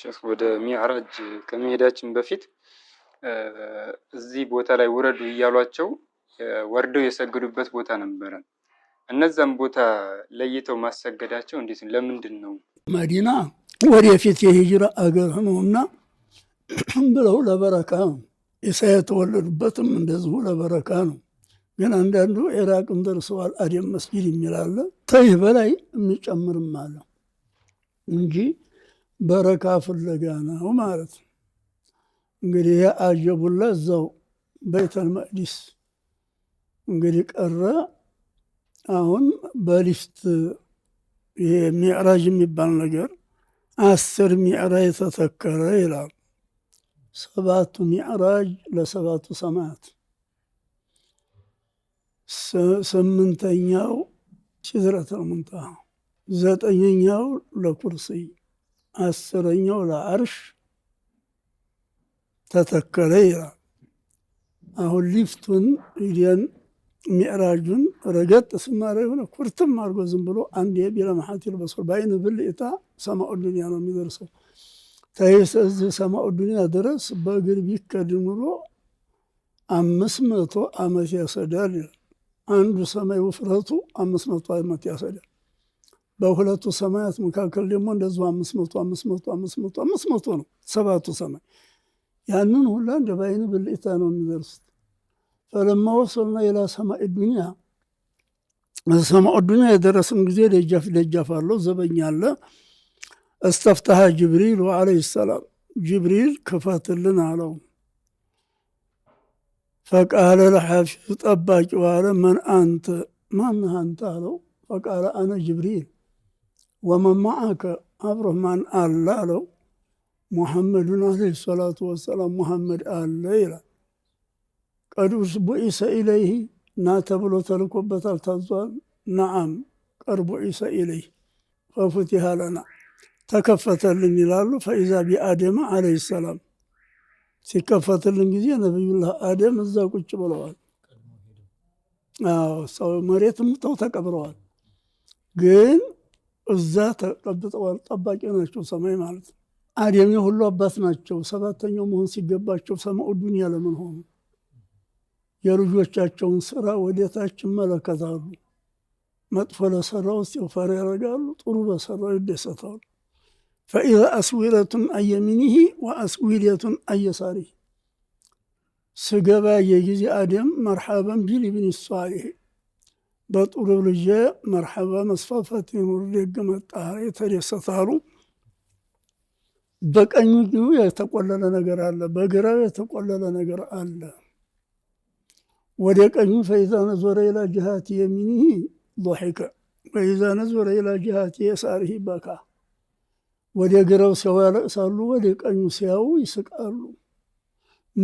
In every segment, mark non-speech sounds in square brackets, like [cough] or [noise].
ሼክ ወደ ሚዕራጅ ከመሄዳችን በፊት እዚህ ቦታ ላይ ውረዱ እያሏቸው ወርደው የሰገዱበት ቦታ ነበረ። እነዛም ቦታ ለይተው ማሰገዳቸው እንዴት ለምንድን ነው? መዲና ወደፊት የሂጅራ አገር ነውና [clears throat] ብለው ለበረካ ነው። ኢሳ የተወለዱበትም እንደዚሁ ለበረካ ነው። ግን አንዳንዱ ኢራቅም ደርሰዋል አደም መስጊድ የሚላለ ተይህ በላይ የሚጨምርም አለ እንጂ በረካ ፍለጋ ነው ማለት ነው። እንግዲህ የአጀቡላ አጀቡላ እዛው ቤተል መቅዲስ እንግዲህ ቀረ። አሁን በሊፍት ይሄ ሚዕራጅ የሚባል ነገር አስር ሚዕራጅ ተተከረ ይላል። ሰባቱ ሚዕራጅ ለሰባቱ ሰማያት፣ ስምንተኛው ሲድረተል ሙንተሃ፣ ዘጠነኛው ለኩርሲይ አስረኛው ለአርሽ ተተከለ ይላል። አሁን ሊፍቱን ኢዲያን ሚዕራጁን ረገጥ ስማረ የሆነ ኩርትም አድርጎ ዝም ብሎ አንድ ቢለመሓቲል በሶር በአይን እታ ሰማኦ ዱኒያ ነው የሚደርሰው። ተይስ እዚህ ዱኒያ ድረስ በእግር ቢከድ ኑሮ አምስት መቶ ዓመት ያሰዳል ይላል። አንዱ ሰማይ ውፍረቱ አምስት መቶ ዓመት ያሰዳል። በሁለቱ ሰማያት መካከል ደግሞ እንደዚሁ አምስት መቶ አምስት መቶ አምስት መቶ አምስት መቶ ነው ሰባቱ ሰማይ። ያንን ሁላ እንደ በአይን ብልዕታ ነው የሚደርሱት። ፈለማ ወሰልና የላ ሰማኢ ዱኒያ ሰማኦ ዱኒያ የደረስን ጊዜ ደጃፍ ደጃፍ አለው ዘበኛ አለ። እስተፍታሀ ጅብሪል ዓለይሂ ሰላም ጅብሪል ክፈትልን አለው። ፈቃለ ለሐፊዙ ጠባቂ ዋለ መን አንተ ማን አንተ አለው። ፈቃለ አነ ጅብሪል ومن معك عبد الرحمن الله محمد عليه الصلاة والسلام محمد آل ليلة قد بئس إليه نا تبلو تلكبة التزوان نعم قد بئس إليه ففتح لنا تكفت لنلاله فإذا بآدم عليه السلام سكفت لنجزي نبي الله آدم الزاق الشبروات سوى مريت متو تكبروات جين እዛ ተጠብጠዋል። ጠባቂ ናቸው፣ ሰማይ ማለት ነው። አደም ሁሉ አባት ናቸው። ሰባተኛው መሆን ሲገባቸው ሰማኡ ዱንያ ለምን ሆኑ? የልጆቻቸውን ስራ ወደታች ይመለከታሉ። መጥፎ ለሰራው እስትግፋር ያደርጋሉ፣ ጥሩ በሰራው ይደሰታሉ። ፈኢዛ አስዊለቱን አየሚኒሂ ወአስዊለቱን አየሳሪ ስገባ የጊዜ አደም መርሓበን ቢል ብን ሷሊህ بطول رجاء مرحبا مصفافة مرد يجمع الطهري تريسة ثارو بك أن يجو يتقول لنا نقر الله بقرا يتقول لنا نقر الله وليك أن فإذا نظر إلى جهة يمينه ضحك وإذا نظر إلى جهة يساره بكى وليك رو سوال أسألو وليك أن يسيأو يسك أرلو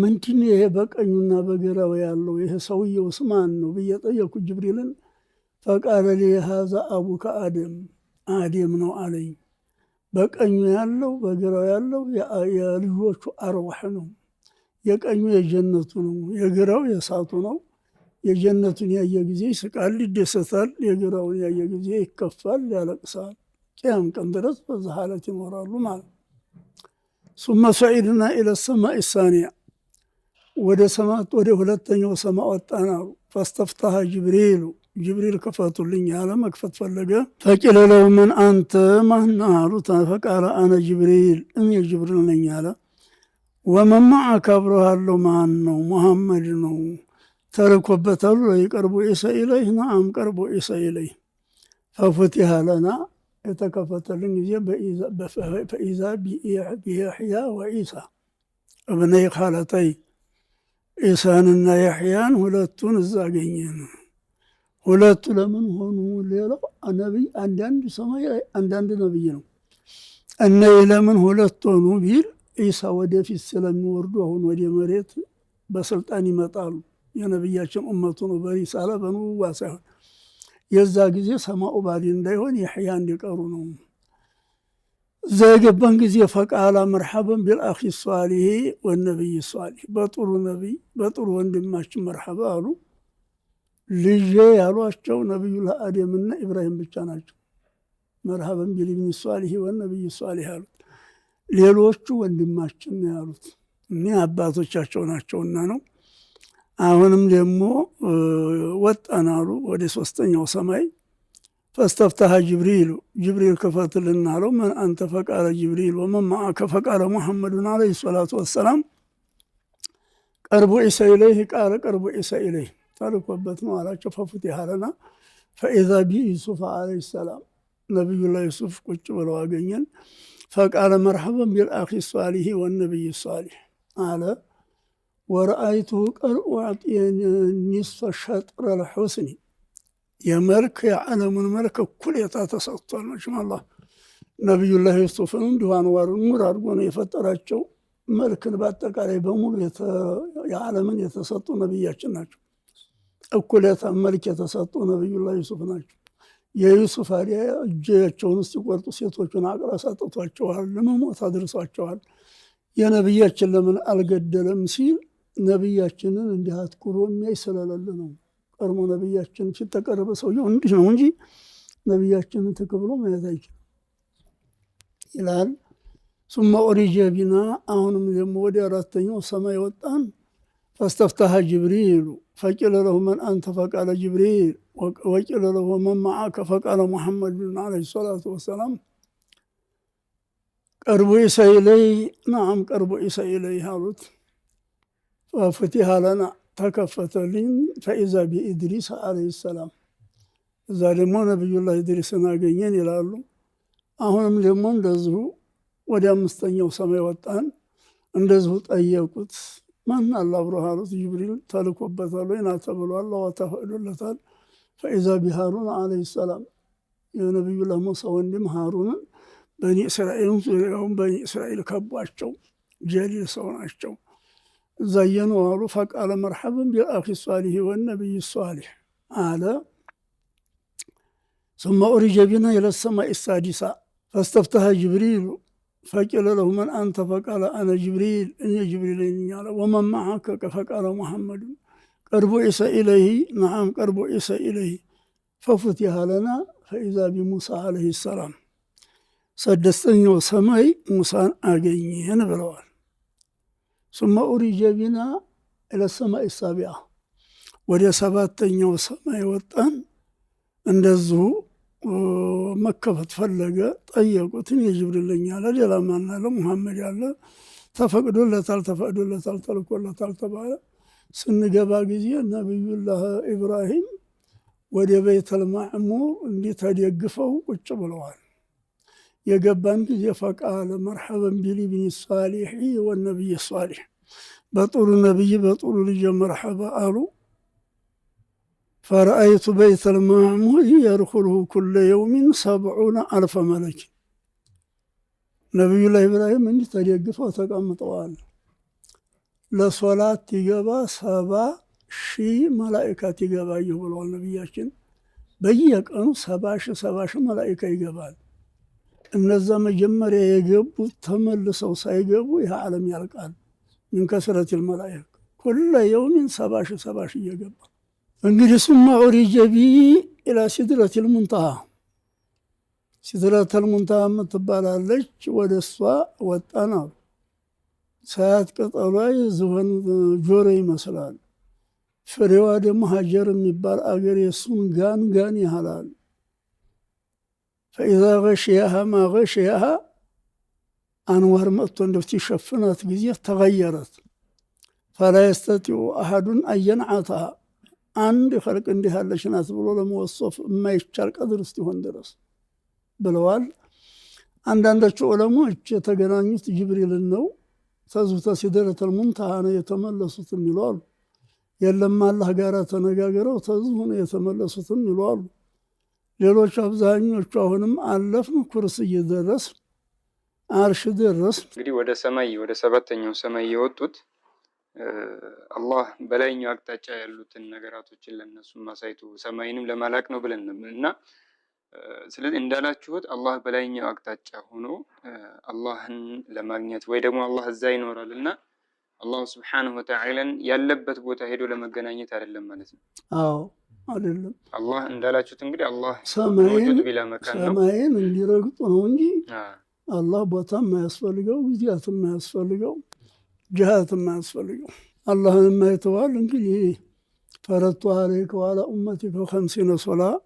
من تنيه بك أن ينا بقرا ويالو يهي سوي وسمان نبي يطيق جبريلن ፈቃለሊ ሀዛ አቡከ አደም አደም ነው አለኝ። በቀኙ ያለው በግራው ያለው የልጆቹ አርዋሕ ነው። የቀኙ የጀነቱ ነው፣ የግራው የእሳቱ ነው። የጀነቱን ያየ ጊዜ ይስቃል፣ ይደሰታል። የግራውን ያየ ጊዜ ይከፋል፣ ያለቅሳል። ቅያም ቀን ድረስ በዛ ሀለት ይኖራሉ ማለት ሱመ ሰዒድና ኢለ ወደ ሳኒያ ወደ ሁለተኛው ሰማ ወጣን አሉ። ፈስተፍታሃ ጅብሪሉ ጅብሪል ክፈቱልኝ ያለ መክፈት ፈለገ። ፈቂለ ለሁ ምን አንተ ማህና አሉት። ፈቃለ አነ ጅብሪል እኔ ጅብሪል ነኝ አለ። ወመማ አከብረሃለሁ ማን ነው? ሙሐመድ ነው ተልኮበታሉ። ይቀርቡ ኢሳ ኢለይህ ናአም ቀርቡ ኢሳ ኢለይህ ፈፉቲሃ ለና የተከፈተልን ጊዜ ፈኢዛ ብያሕያ ወኢሳ እብነይ ኻለተይ ኢሳንና ያሕያን ሁለቱን እዛ አገኘን። ሁለቱ ለምን ሆኑ? ሌላው ነቢይ አንዳንድ ሰማይ አንዳንድ ነቢይ ነው። እነዚህ ለምን ሁለት ሆኑ ቢል ኢሳ ወደፊት ስለሚወርዱ አሁን ወደ መሬት በስልጣን ይመጣሉ። የነቢያችን እመቱ ነው በሪሳላ በንቡዋ ሳይሆን የዛ ጊዜ ሰማኡ ባዲ እንዳይሆን የሕያ እንዲቀሩ ነው። እዛ የገባን ጊዜ ፈቃላ መርሐበን ቢልአኺ ሷሊህ ወነቢይ ሷሊህ፣ በጥሩ ነቢይ በጥሩ ወንድማችን መርሐባ አሉ። ልጄ ያሏቸው ነቢዩ ለአደምና ኢብራሂም ብቻ ናቸው። መርሃበን ቢልብኒ ሷሊሂ ወን ነቢዩ ሷሊህ አሉት። ሌሎቹ ወንድማችን ነው ያሉት። እኔ አባቶቻቸው ናቸውና ነው። አሁንም ደግሞ ወጣን አሉ ወደ ሶስተኛው ሰማይ ፈስተፍታሀ ጅብሪሉ ጅብሪል ክፈትልን አለው። መን አንተ ፈቃለ ጅብሪል ወመን መዓከ ፈቃለ ሙሐመዱን አለይሂ ሰላቱ ወሰላም ቀርቡ ዒሳ ኢለይህ ቃለ ቀርቡ ዒሳ ኢለይህ ተልኮበት ነው አላቸው። ፈፉትሐ ለና ፈኢዛ ቢዩሱፍ ዓለይሂ ሰላም ነቢዩላህ ዩሱፍ ቁጭ ብለው አገኘን። ፈቃለ መርሐበን ቢልአኺ ሷሊሂ ወነቢይ ሷሊህ አለ ወረአይቱሁ ቀድ ኡዕጢየ ኒስፈ ሸጥረል ሑስኒ የመልክ የዓለሙን መልክ እኩሌታ ተሰጥቷል። መቼም አላህ ነቢዩላህ ዩሱፍን እንዲሁ አንዋር ሙር አድርጎ ነው የፈጠራቸው። መልክን በአጠቃላይ በሙሉ የዓለምን የተሰጡ ነቢያችን ናቸው። እኩሌታ መልክ የተሰጡ ነቢዩላ ዩሱፍ ናቸው። የዩሱፍ አዲያ እጃቸውን ሲቆርጡ ሴቶቹን አቅራ ሰጥቷቸዋል፣ ለመሞት አድርሷቸዋል። የነቢያችን ለምን አልገደለም ሲል ነቢያችንን እንዲህ አትኩሮ የሚያይ ስለሌለ ነው። ቀድሞ ነቢያችን ፊት ሰውየው እንዲህ ነው እንጂ ነቢያችንን ትክ ማየት አይችልም ይላል። ሱመ ኡሪጀ ቢና አሁንም ደግሞ ወደ አራተኛው ሰማይ ወጣን። ፈስተፍታሃ ጅብሪሉ ፈቂለ ለሁ መን አንተ ፈቃለ ጅብሪል ወቂለ ለሁ መን መዓከ ፈቃለ ሙሐመድ ዓለይሂ ሰላቱ ወሰላም ቀርቡ ኢሰይለይ ናም ቀርቡ ኢሰይለይ አሉት። ፈፍትሐ ለና ተከፈተልኝ። ፈኢዛ ቢኢድሪስ ዓለይሂ ሰላም እዛ ደግሞ ነቢዩላህ ኢድሪስን አገኘን ይላሉ። አሁንም ደግሞ እንደዚሁ ወደ አምስተኛው ሰማይ ወጣን። እንደዚሁ ጠየቁት። من الله برهاروت جبريل تلك وبثالو إن أتبلو الله وتفعل اللتال فإذا بهارون عليه السلام يا نبي الله موسى وندم هارون بني إسرائيل هم بني إسرائيل كبوا أشتو جليل صون أشتو زينوا رفق على مرحبا بالأخي الصالح والنبي الصالح على ثم أرج بنا إلى السماء السادسة فاستفتح جبريل ፈቂለ ለሁ መን አንተ ፈቃለ አነ ጅብሪል እኔ ጅብሪል ነኝ አለ። ወመን መዐከ ፈቃለ ሙሐመድ ቀርቦ ኢሰ ኢለይሂ ነዓም ቀርቦ ኢሰ ኢለይሂ ፈፉቲሐ ለና ፈኢዛ ቢሙሳ ዓለይሂ ሰላም ስድስተኛው ሰማይ ሙሳን አገኘን ብለዋል። ሱመ ኡሪጀ ቢና ኢለ ሰማይ ሳቢዓ ወደ ሰባተኛው ሰማይ ወጣን እንደዚሁ መከፈት ፈለገ። ጠየቁትን የጅብሪልኛ አለ ሌላ ማን አለ ሙሐመድ ያለ ተፈቅዶለታል፣ ተፈቅዶለታል፣ ተልኮለታል ተባለ። ስንገባ ጊዜ ነቢዩላህ ኢብራሂም ወደ ቤተል ማዕሙር እንዲህ ተደግፈው ቁጭ ብለዋል። የገባን ጊዜ ፈቃለ መርሐበን ቢል ብኒ ሳሊሒ ወነቢይ ሳሊሕ በጥሩ ነቢይ በጥሩ ልጅ መርሐባ አሉ። ፈረአይቱ በይተ ልማሙይ የድኹልሁ ኩለ የውሚን ሰብዑነ አልፈ መለኪ ነቢዩላህ ኢብራሂም እንዲህ ተደግፈው ተቀምጠዋል። ለሶላት ይገባ ሰባ ሺህ መላእካት ይገባየሁ ብለዋል ነቢያችን። በየቀኑ ሰባ ሺህ ሰባ ሺህ መላእካ ይገባል። እነዛ መጀመሪያ የገቡት ተመልሰው ሳይገቡ ይህ ዓለም ያልቃል። ምን ከስረት ልመላይክ ኩለ የውሚን ሰባ ሺህ ሰባ ሺህ እየገባ እንግዲህ ሱመ ዑሪጀ ቢ ኢላ ሲድረት ልሙንተሃ ሲድረት ልሙንተሃ የምትባላለች ወደ እሷ ወጣን አሉ። ሳያት ቅጠሏ የዝሆን ጆሮ ይመስላል። ፍሬዋ ደግሞ ሀጀር የሚባል አገር የእሱን ጋን ጋን ያህላል። ፈኢዛ ገሽያሃ ማ ገሽያሃ አንዋር መጥቶ እንደፍትሸፍናት ጊዜ ተገየረት ፈላ የስተጢዑ አሐዱን አየንዓተሃ አንድ ፈርቅ እንዲህ ያለች ናት ብሎ ለመወሶፍ የማይቻል ቀድር እስኪሆን ድረስ ብለዋል። አንዳንዶቹ ዑለሞች የተገናኙት ጅብሪልን ነው፣ ተዙተ ሲደረተል ሙንተሃ ነው የተመለሱትም ይለዋሉ። አሉ። የለም አላህ ጋር ተነጋግረው ተዝሁ ነው የተመለሱትም ይለዋሉ። ሌሎች አብዛኞቹ አሁንም አለፍን ኩርስይ እየደረስ አርሽ ደረስ እንግዲህ ወደ ሰማይ ወደ ሰባተኛው ሰማይ የወጡት አላህ በላይኛው አቅጣጫ ያሉትን ነገራቶችን ለነሱ ማሳይቱ ሰማይንም ለማላቅ ነው ብለን እና ስለዚህ እንዳላችሁት አላህ በላይኛው አቅጣጫ ሆኖ አላህን ለማግኘት ወይ ደግሞ አላህ እዛ ይኖራል እና አላሁ ስብሓነሁ ወተዓላን ያለበት ቦታ ሄዶ ለመገናኘት አይደለም ማለት ነው። አዎ አይደለም። አላህ እንዳላችሁት እንግዲህ አላህ ሰማይን እንዲረግጡ ነው እንጂ አላህ ቦታም ማያስፈልገው ጊዜያትም የማያስፈልገው جهات ما يصفرون اللهم يتوال انكي فرضت عليك وعلى أمتي في خمسين صلاة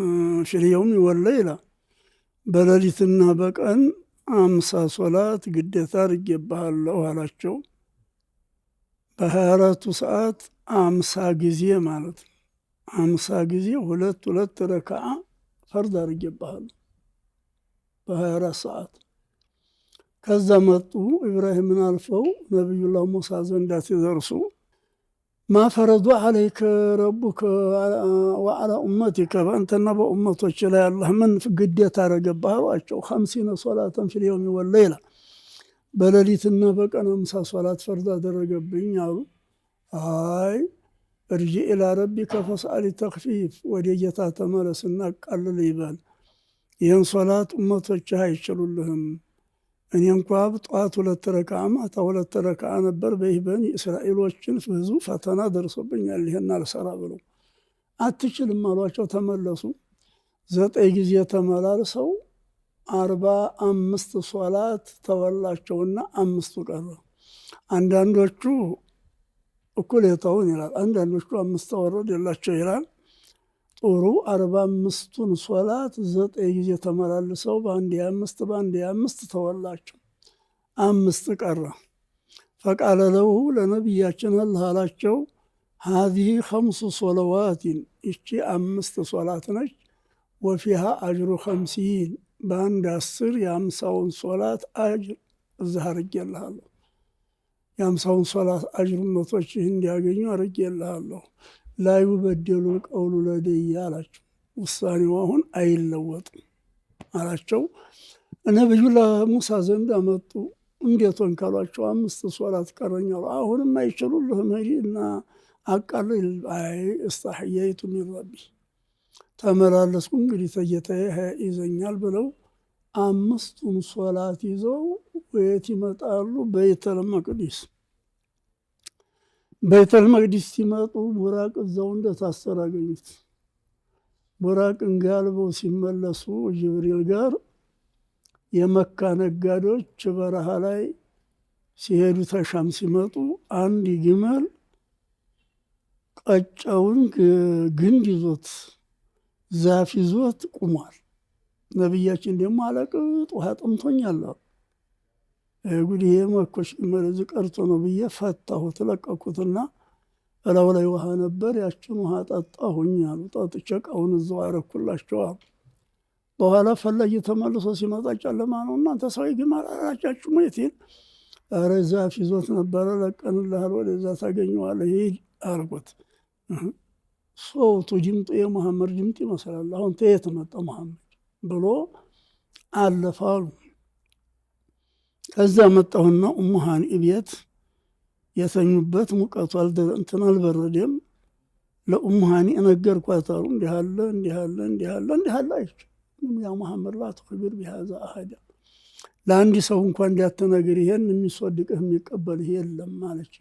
آه، في اليوم والليلة بلليت النابك أن أمسى صلاة قد يثار بها الله على الشو بهارات ساعة أمسى جزية مالت أمسى جزية ولت ولت ركعة فرد رجبها الله بهارات ساعات ከዛ መጡ ኢብራሂምን አልፈው ነቢዩላ ሙሳ ዘንዳ ሲደርሱ ማፈረዱ አለይከ ረቡከ ወዓላ ኡመቲከ በአንተና በኡመቶች ላይ አላህ ምን ግዴታ አረገብህ አሏቸው። ሀምሲነ ሶላተን ፊል የውሚ ወለይላ በሌሊትና በቀን አምሳ ሶላት ፈርድ አደረገብኝ አሉ። አይ እርጂ ኢላ ረቢከ ፈስአሊ ተክፊፍ ወደ ጌታ ተመለስና ቀልል ይበል። ይህን ሶላት እመቶችህ አይችሉልህም እኔ እንኳ ጠዋት ሁለት ረካ ማታ ሁለት ረክዓ ነበር። በይህ በኒ እስራኤሎችን ብዙ ፈተና ደርሶብኛል። ይሄን አልሰራ ብለው አትችልም አሏቸው። ተመለሱ። ዘጠኝ ጊዜ ተመላልሰው አርባ አምስት ሶላት ተወላቸውና አምስቱ ቀረ። አንዳንዶቹ እኩሌታውን ይላል፣ አንዳንዶቹ አምስት ተወረድ የላቸው ይላል ጥሩ አርባ አምስቱን ሶላት ዘጠኝ ጊዜ ተመላልሰው በአንድ የአምስት በአንድ የአምስት ተወላቸው፣ አምስት ቀረ። ፈቃለ ለሁ ለነቢያችን አላህ አላቸው ሀዚህ ከምሱ ሶለዋቲን ይቺ አምስት ሶላት ነች። ወፊሃ አጅሩ ከምሲን በአንድ አስር የአምሳውን ሶላት አጅር እዚህ አርጌልሃለሁ። የአምሳውን ሶላት አጅሩነቶች እንዲያገኙ አርጌልሃለሁ። ላዩ በደሉ ቀውሉ ለደየ አላቸው። ውሳኔው አሁን አይለወጥም አላቸው። ነቢዩ ለሙሳ ዘንድ አመጡ። እንዴት ሆን አምስት ሶላት ቀረኝ አሁንም አይችሉልህም ሂድ እና አቃልል። አይ እስታሕያይቱ ሚን ረቢ ተመላለስኩ፣ እንግዲህ ተጌታዬ ይዘኛል ብለው አምስቱን ሶላት ይዘው ወየት ይመጣሉ? በይተል መቅዲስ ቤተል መቅዲስ ሲመጡ ቡራቅ እዛው እንደታሰር አገኙት። ቡራቅን ጋልበው ሲመለሱ ጅብሪል ጋር የመካ ነጋዴዎች በረሃ ላይ ሲሄዱ ተሻም ሲመጡ አንድ ግመል ቀጫውን ግንድ ይዞት ዛፍ ይዞት ቁሟል። ነቢያችን ደግሞ አለቅጥ ውሃ ጠምቶኛል አሉ። ጉዲ መኮሽ መረዝ ቀርቶ ነው ብዬ ፈታሁት፣ ለቀኩትና እላው ላይ ውሃ ነበር። ያችን ውሃ ጠጣሁኝ አሉ። ጠጥቼ ቀውን እዛው አረኩላቸው አሉ። በኋላ ፈላጊ ተመልሶ ሲመጣ ጨለማ ነው። እናንተ ሰው ግማል አራጫችሁ ሜቴን ኧረ ዛፍ ይዞት ነበረ። ለቀንልሃል፣ ወደዛ ታገኘዋለህ፣ ሂድ አርጎት ሰውቱ ድምጡ የመሐመድ ድምጥ ይመስላል። አሁን ተየት መጣ መሐመድ ብሎ አለፋሉ ከዛ መጣሁና ኡሙሃን ቤት የተኙበት ሙቀቱ እንትን አልበረደም። ለኡሙሃኒ እነገርኳት አሉ እንዲህ አለ እንዲህ አለ እንዲህ አለ እንዲህ አለ አይች ያ መሐመድ ላ ትክብር ቢሃዛ አሃዳ ለአንድ ሰው እንኳ እንዲያተነግር ይሄን የሚስወድቅህ የሚቀበልህ የለም አለች።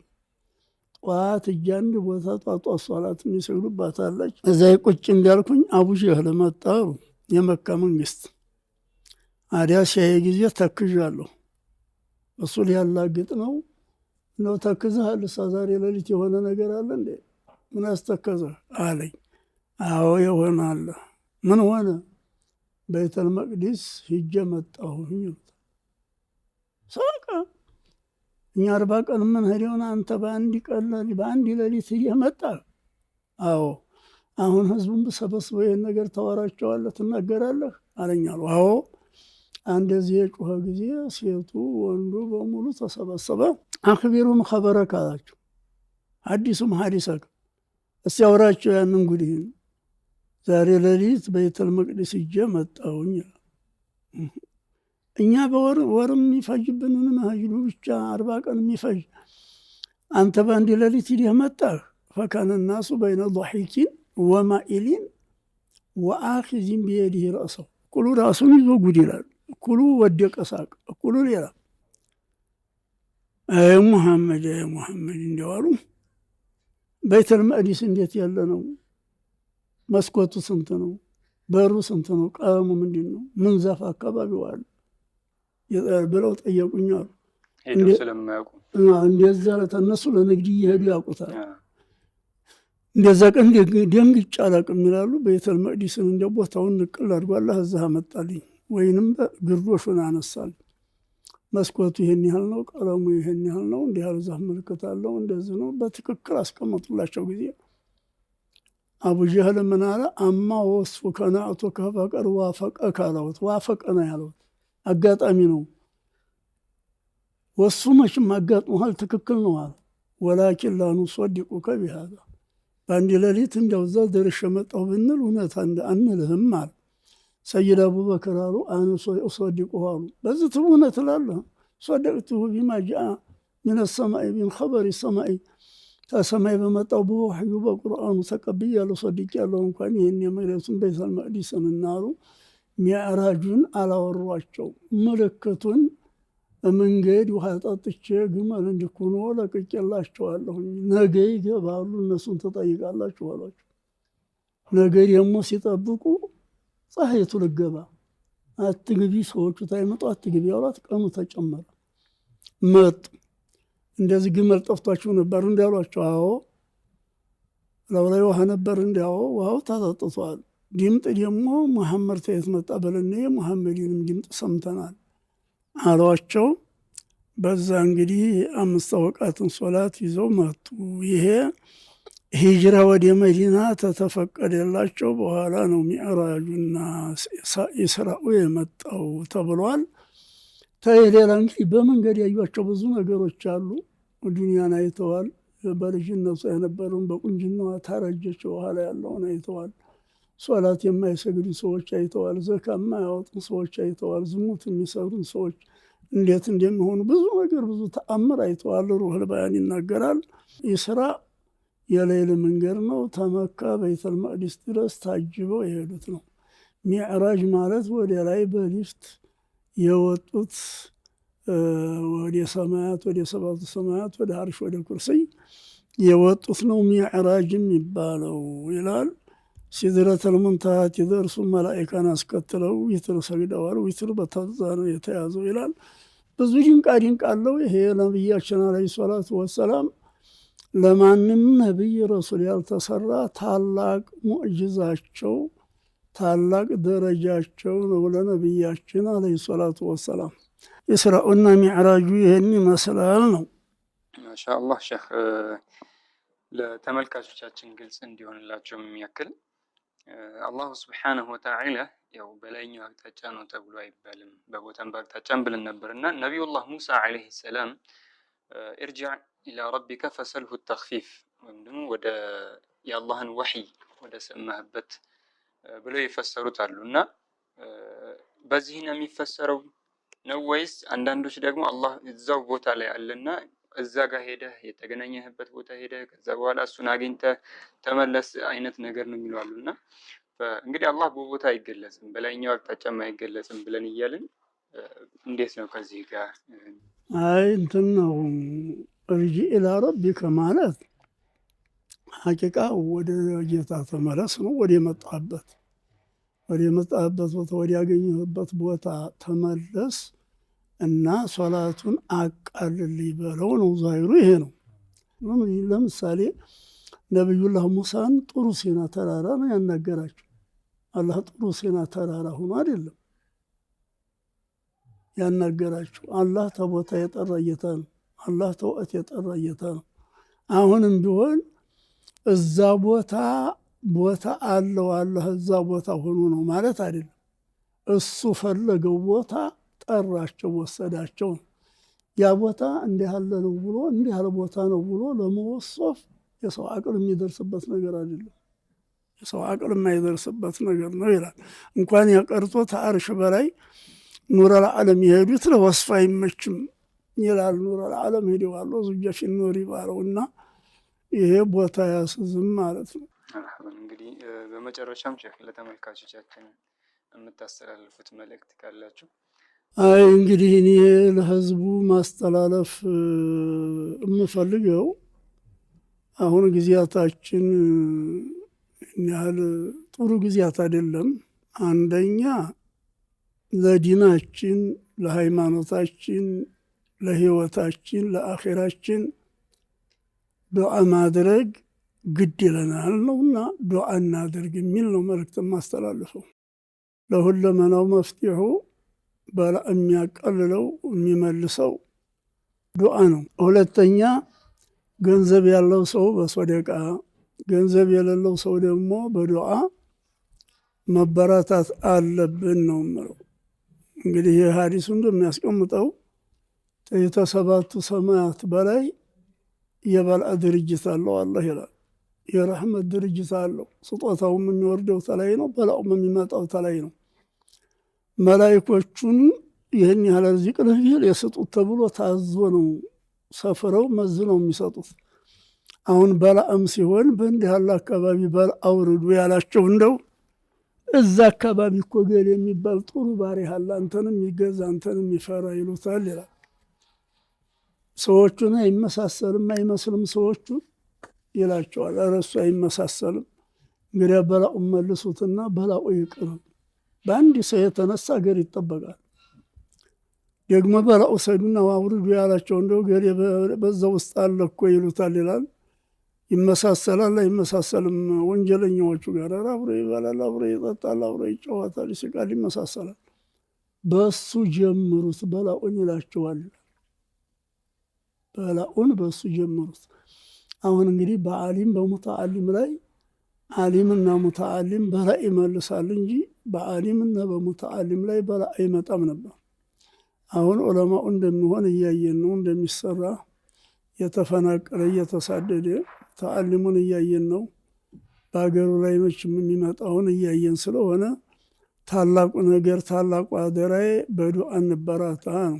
ጠዋት እጃንድ ቦታ ጧጧ ሷላት የሚሰግዱባታለች። እዛ ቁጭ እንዲያልኩኝ አቡጀህል መጣ አሉ የመካ መንግስት። አዲያ ሲያየ ጊዜ ተክዣለሁ። እሱ ሊያላግጥ ነው ነው ተክዝሃል? እሳ ዛሬ ሌሊት የሆነ ነገር አለ እንዴ? ምን ያስተከዘህ አለኝ። አዎ የሆነ አለ። ምን ሆነ? ቤተል መቅዲስ ሂጄ መጣሁኝ። ሳቀ። እኛ አርባ ቀን ምን ሄደውን አንተ በአንድ ቀን በአንድ ሌሊት እየመጣ አዎ። አሁን ህዝቡን ብሰበስበው ይህን ነገር ታወራቸዋለህ፣ ትናገራለህ አለኛሉ። አዎ እንደዚህ የጮኸ ጊዜ ሴቱ ወንዱ በሙሉ ተሰበሰበ። አክቢሩም ከበረካ አላቸው። አዲሱም ሀዲሰክ እስቲ አውራቸው ያንን ጉድ ዛሬ ሌሊት በይተል መቅደስ እጀ መጣውኝ። እኛ በወር ወር የሚፈጅብንን መሀጅዱ ብቻ አርባ ቀን የሚፈጅ አንተ በአንድ ሌሊት ሂደህ መጣህ። ፈካነ ናሱ በይነ ضሒኪን ወማኢሊን ወአኪዚን ብየዲህ ረእሰው ቁሉ ራሱን ይዞ ጉድ ይላሉ። እኩሉ ወደቀ ሳቅ፣ እኩሉ ሌላ ሙሐመድ ሙሐመድ እንዲዋሉ በይተል መቅዲስ እንዴት ያለ ነው? መስኮቱ ስንት ነው? በሩ ስንት ነው? ቀለሙ ምንድን ነው? ምን ዛፍ አካባቢው አለ ብለው ጠየቁኝ አሉ። እንደዛ ለተነሱ ለንግድ እየሄዱ ያውቁታል። እንደዛ ቀን ደንግጬ አላቅም ይላሉ። በይተል መቅዲስን እንደ ቦታውን ንቅል አድጓላ እዛ መጣልኝ ወይንም ግርዶሹን አነሳል። መስኮቱ ይህን ያህል ነው፣ ቀለሙ ይህን ያህል ነው፣ እንዲህ ያለ ዛፍ ምልክት አለው፣ እንደዚህ ነው። በትክክል አስቀመጡላቸው ጊዜ አቡጀህል ምን አለ? አማ ወስፉ ከናእቱ ከፈቀድ ዋፈቀ ካለሁት ዋፈቀ ነው ያለሁት። አጋጣሚ ነው ወሱ መችም አጋጥሞሃል፣ ትክክል ነው አለ። ወላኪን ላኑ ሶዲቁ ከቢሃዛ በአንድ ሌሊት እንዲያው እዛ ደርሼ መጣሁ ብንል እውነት አንልህም አለ። ሰይድ አቡበክር አሉ አኑ ሶዲቁ አሉ በዚህ ትቡነ ትላለህ ሶደቅትሁ ቢማ ጃአ ምን ሰማይ ምን ከበሪ ሰማይ ከሰማይ በመጣው በወሕዩ በቁርአኑ ተቀብያለሁ ሶድቄያለሁ። እንኳን ይህን የመሬቱን ቤተል መቅዲስን እናሉ ሚዕራጁን አላወሯቸው ምልክቱን መንገድ ውሃ ጠጥቼ ግመል እንዲኩኖ ለቅቄላቸዋለሁ። ነገ ይገባሉ እነሱን ትጠይቃላችሁ አሏቸው። ነገ ደግሞ ሲጠብቁ ፀሐይቱ ልገባ አትግቢ፣ ሰዎቹ ታይመጡ አትግቢ ያሏት፣ ቀኑ ተጨመረ። መጡ። እንደዚህ ግመል ጠፍቷቸው ነበር እንዲ እንዳሏቸው፣ አዎ ለው ላይ ውሃ ነበር እንዲያው ውሃው ተጠጥቷል። ድምጥ ደግሞ መሐመድ ተየት መጣ በለነ የሙሐመድንም ድምጥ ሰምተናል አሏቸው። በዛ እንግዲህ አምስት አወቃትን ሶላት ይዘው መጡ። ይሄ ሂጅራ ወደ መዲና ተተፈቀደላቸው በኋላ ነው ሚዕራጁና ኢስራኡ የመጣው ተብሏል። ተይህ እንግዲህ በመንገድ ያዩቸው ብዙ ነገሮች አሉ። ዱንያን አይተዋል። በልጅነቱ የነበረውን በቁንጅናዋ ታረጀች በኋላ ያለውን አይተዋል። ሶላት የማይሰግዱ ሰዎች አይተዋል። ዘካ የማያወጡ ሰዎች አይተዋል። ዝሙት የሚሰሩ ሰዎች እንዴት እንደሚሆኑ ብዙ ነገር ብዙ ተአምር አይተዋል። ሩህል በያን ይናገራል። ኢስራ የሌል መንገድ ነው። ተመካ ቤተል መቅዲስ ድረስ ታጅበው የሄዱት ነው። ሚዕራጅ ማለት ወደ ላይ በሊፍት የወጡት ወደ ሰማያት ወደ ሰባቱ ሰማያት ወደ አርሽ ወደ ኩርሲይ የወጡት ነው ሚዕራጅ የሚባለው ይላል። ሲድረተል ሙንተሃ ሲደርሱ መላኢካን አስከትለው ዊትር ሰግደዋል። ዊትር በታዛ ነው የተያዘው ይላል። ብዙ ድንቃ ድንቅ አለው። ይሄ ነብያችን አለይሂ ሰላቱ ወሰላም ለማንም ነቢይ ረሱል ያልተሰራ ታላቅ ሙዕጅዛቸው ታላቅ ደረጃቸው ነው። ለነቢያችን አለይሂ ሰላቱ ወሰላም እስራኡና ሚዕራጁ ይህን ይመስላል ነው። ማሻአላ ለተመልካቾቻችን ግልጽ እንዲሆንላቸው የሚያክል አላሁ ስብሓነሁ ወተዓላ ያው በላይኛው አቅጣጫ ነው ተብሎ አይባልም፣ በቦታም በአቅጣጫም ብለን ነበር እና ነቢዩላህ ሙሳ ዓለይሂ ሰላም እርጅዕ ኢላ ረቢከ ፈሰልሁ ተክፊፍ ወይም ደግሞ ወደ የአላህን ወሕይ ወደ ሰማህበት ብለው የፈሰሩት አሉ እና በዚህ ነው የሚፈሰረው ነው ወይስ አንዳንዶች ደግሞ አላህ እዛው ቦታ ላይ አለና እዛ ጋር ሄደህ የተገናኘህበት ቦታ ሄደህ ከዛ በኋላ እሱን አግኝተህ ተመለስ አይነት ነገር ነው የሚለዋሉ እና እንግዲህ አላህ በቦታ አይገለጽም፣ በላይኛው አቅጣጫም አይገለጽም ብለን እያልን እንዴት ነው ከዚህ ጋር አይ እንትን ነው እርጂ ኢላ ረቢከ ማለት ሐቂቃ ወደ ጌታ ተመለስ ነው። ወደ መጣህበት ወደ መጣህበት ቦታ ወደ ያገኘህበት ቦታ ተመለስ እና ሶላቱን አቃልልኝ በለው ነው። ዛይሩ ይሄ ነው። ለምሳሌ ነቢዩላህ ሙሳን ጥሩ ሲና ተራራ ነው ያናገራቸው። አላህ ጥሩ ሲና ተራራ ሆኖ አይደለም ያናገራችሁ። አላህ ተቦታ የጠራ ጌታ ነው። አላህ ተውቀት የጠራ ጌታ ነው። አሁንም ቢሆን እዛ ቦታ ቦታ አለው አላህ እዛ ቦታ ሆኖ ነው ማለት አይደለም። እሱ ፈለገው ቦታ ጠራቸው፣ ወሰዳቸው። ያ ቦታ እንዲህ አለ ነው ብሎ እንዲህ ያለ ቦታ ነው ብሎ ለመወሶፍ የሰው አቅል የሚደርስበት ነገር አይደለም። የሰው አቅል የማይደርስበት ነገር ነው ይላል። እንኳን የቀርጦ ተአርሽ በላይ ኑረ ለዓለም የሄዱት ለወስፋ አይመችም ይላል። ኑረ ለዓለም ሄደ ዋሎ ዙጀፊ ኑር ይባለው እና ይሄ ቦታ ያስዝም ማለት ነው። እንግዲህ በመጨረሻም ሼክ ለተመልካቾቻችን የምታስተላልፉት መልእክት ካላችሁ? አይ እንግዲህ እኔ ለህዝቡ ማስተላለፍ የምፈልገው አሁን ጊዜያታችን ያህል ጥሩ ጊዜያት አይደለም። አንደኛ ለዲናችን፣ ለሃይማኖታችን፣ ለህይወታችን፣ ለአኼራችን ዱዓ ማድረግ ግድ ይለናል ነውና ዱዓ እናድርግ የሚል ነው መልእክት ማስተላልፈው። ለሁለመናው መፍትሑ በላ የሚያቀልለው የሚመልሰው ዱዓ ነው። ሁለተኛ ገንዘብ ያለው ሰው በሶደቃ ገንዘብ የሌለው ሰው ደግሞ በዱዓ መበረታት አለብን ነው ምለው። እንግዲህ የሀዲሱ እንደሚያስቀምጠው የተሰባቱ ሰማያት በላይ የበልአ ድርጅት አለው አላህ ይላል። የረህመት ድርጅት አለው። ስጦታውም የሚወርደው ተላይ ነው፣ በላውም የሚመጣው ተላይ ነው። መላይኮቹን ይህን ያህል ርዚቅ ለህል የስጡት ተብሎ ታዞ ነው ሰፍረው መዝነው የሚሰጡት። አሁን በላእም ሲሆን በእንዲህ ያለ አካባቢ በልአ አውርዱ ያላቸው እንደው እዛ አካባቢ እኮ ገሌ የሚባል ጥሩ ባሪያ አለ፣ አንተንም ይገዛ አንተንም ይፈራ ይሉታል ይላል። ሰዎቹን አይመሳሰልም አይመስልም ሰዎቹ ይላቸዋል። እረሱ አይመሳሰልም። እንግዲያ በላቁ መልሱትና በላቁ ይቅር። በአንድ ሰው የተነሳ ሀገር ይጠበቃል። ደግሞ በላቁ ሰዱና አውርዱ ያላቸው እንደው ገሌ በዛ ውስጥ አለ እኮ ይሉታል ይላል። ይመሳሰላል። አይመሳሰልም? ወንጀለኛዎቹ ጋር አብሮ ይበላል፣ አብሮ ይጠጣል፣ አብሮ ይጫወታል፣ ይስቃል፣ ይመሳሰላል። በሱ ጀምሩት በላኡን ይላቸዋል። በላኡን በሱ ጀምሩት። አሁን እንግዲህ በአሊም በሙተአሊም ላይ አሊምና ሙተአሊም በላ ይመልሳል እንጂ በአሊምና በሙተአሊም ላይ በላ አይመጣም ነበር። አሁን ዑለማው እንደሚሆን እያየን ነው እንደሚሰራ የተፈናቀለ እየተሳደደ ተአልሙን እያየን ነው። በሀገሩ ላይ መቼም የሚመጣውን እያየን ስለሆነ ታላቁ ነገር ታላቁ አደራዬ በዱዓ እንበራታ ነው።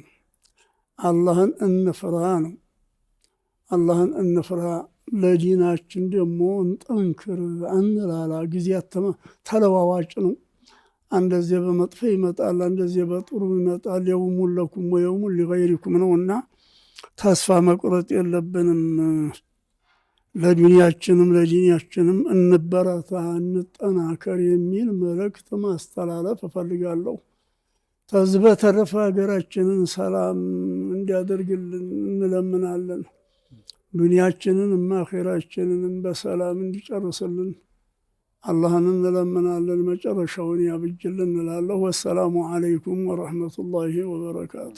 አላህን እንፍራ ነው። አላህን እንፍራ፣ ለዲናችን ደግሞ እንጠንክር፣ አንላላ። ጊዜያት ተለዋዋጭ ነው። አንደዚህ በመጥፎ ይመጣል፣ አንደዚህ በጥሩ ይመጣል። የውሙን ለኩም ወየውሙን ሊገይሪኩም ነው እና ተስፋ መቁረጥ የለብንም። ለዱንያችንም ለዲንያችንም እንበረታ፣ እንጠናከር የሚል መልእክት ማስተላለፍ እፈልጋለሁ። ከዚህ በተረፈ ሀገራችንን ሰላም እንዲያደርግልን እንለምናለን። ዱንያችንንም አኼራችንንም በሰላም እንዲጨርስልን አላህን እንለምናለን። መጨረሻውን ያብጅልን እንላለሁ። ወሰላሙ አለይኩም ወረሕመቱላሂ ወበረካቱ።